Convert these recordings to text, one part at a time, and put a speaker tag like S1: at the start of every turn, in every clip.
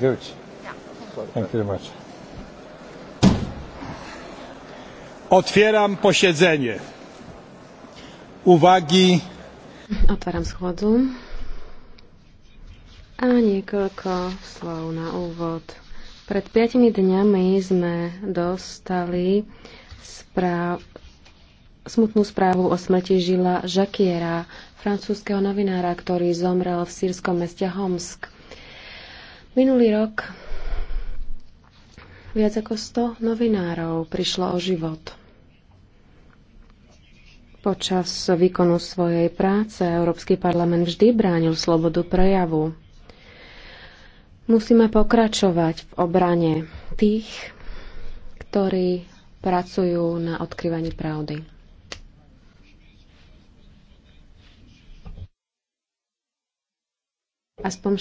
S1: Good. Thank you very much. Otwieram posiedzenie. Uwagi. Otwieram schodzu. A niekoľko slov na úvod. Pred piatimi dňami sme dostali správ, smutnú správu o smrti Žila Žakiera, francúzského novinára, ktorý zomrel v sírskom meste Homsk. Minulý rok viac ako 100 novinárov prišlo o život počas výkonu svojej práce. Európsky parlament vždy bránil slobodu prejavu. Musíme pokračovať v obrane tých, ktorí pracujú na odkryvaní pravdy. Aspoň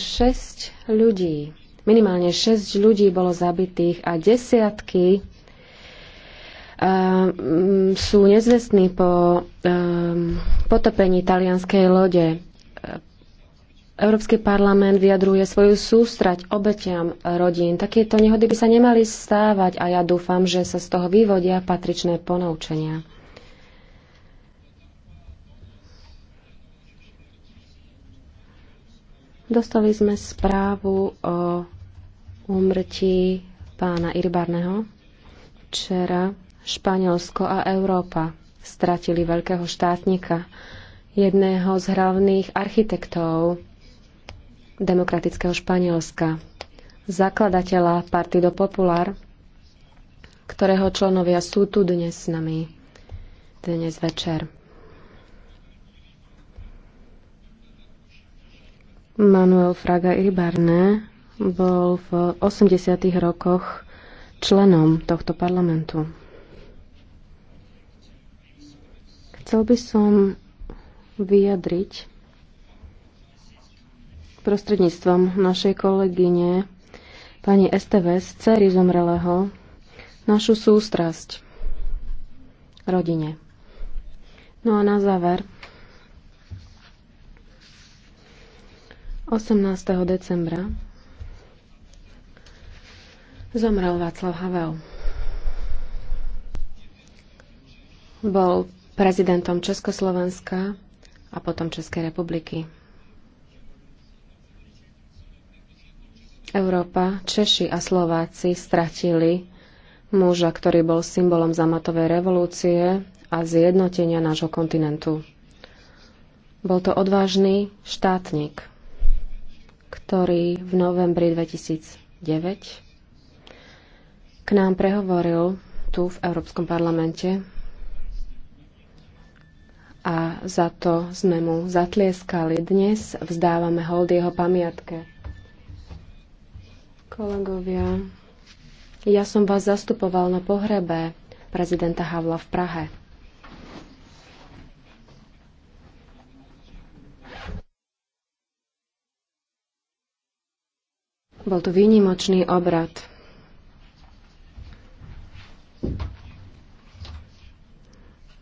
S1: 6 ľudí, minimálne 6 ľudí bolo zabitých a desiatky eh, sú nezvestní po eh, potopení talianskej lode. Európsky parlament vyjadruje svoju sústrať obetiam rodín. Takéto nehody by sa nemali stávať a ja dúfam, že sa z toho vyvodia patričné ponaučenia. Dostali sme správu o úmrtí pána Irbarného, Včera Španielsko a Európa stratili veľkého štátnika, jedného z hlavných architektov demokratického Španielska, zakladateľa Partido Popular, ktorého členovia sú tu dnes s nami, dnes večer. Manuel Fraga Iribarne bol v 80. rokoch členom tohto parlamentu. Chcel by som vyjadriť prostredníctvom našej kolegyne pani STVS, dcery zomrelého, našu sústrasť rodine. No a na záver 18. decembra zomrel Václav Havel. Bol prezidentom Československa a potom Českej republiky. Európa, Češi a Slováci stratili muža, ktorý bol symbolom zamatovej revolúcie a zjednotenia nášho kontinentu. Bol to odvážny štátnik, ktorý v novembri 2009 k nám prehovoril tu v Európskom parlamente a za to sme mu zatlieskali. Dnes vzdávame hold jeho pamiatke. Kolegovia, ja som vás zastupoval na pohrebe prezidenta Havla v Prahe. Bol to výnimočný obrad.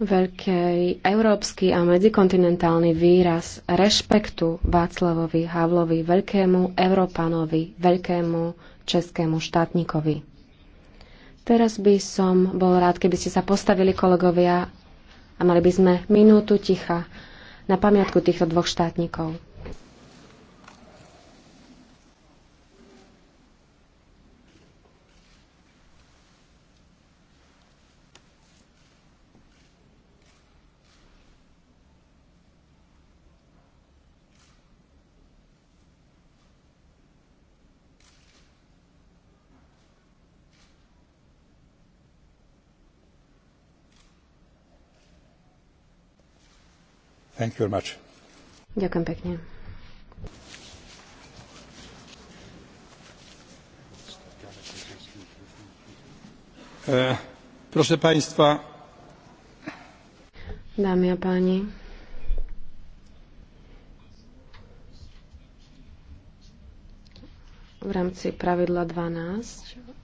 S1: Veľký európsky a medzikontinentálny výraz rešpektu Václavovi Havlovi, veľkému Európanovi, veľkému českému štátnikovi. Teraz by som bol rád, keby ste sa postavili, kolegovia, a mali by sme minútu ticha na pamiatku týchto dvoch štátnikov. Thank you very much. Ďakujem pekne. E, proszę Państwa. Dámy a páni. V rámci pravidla 12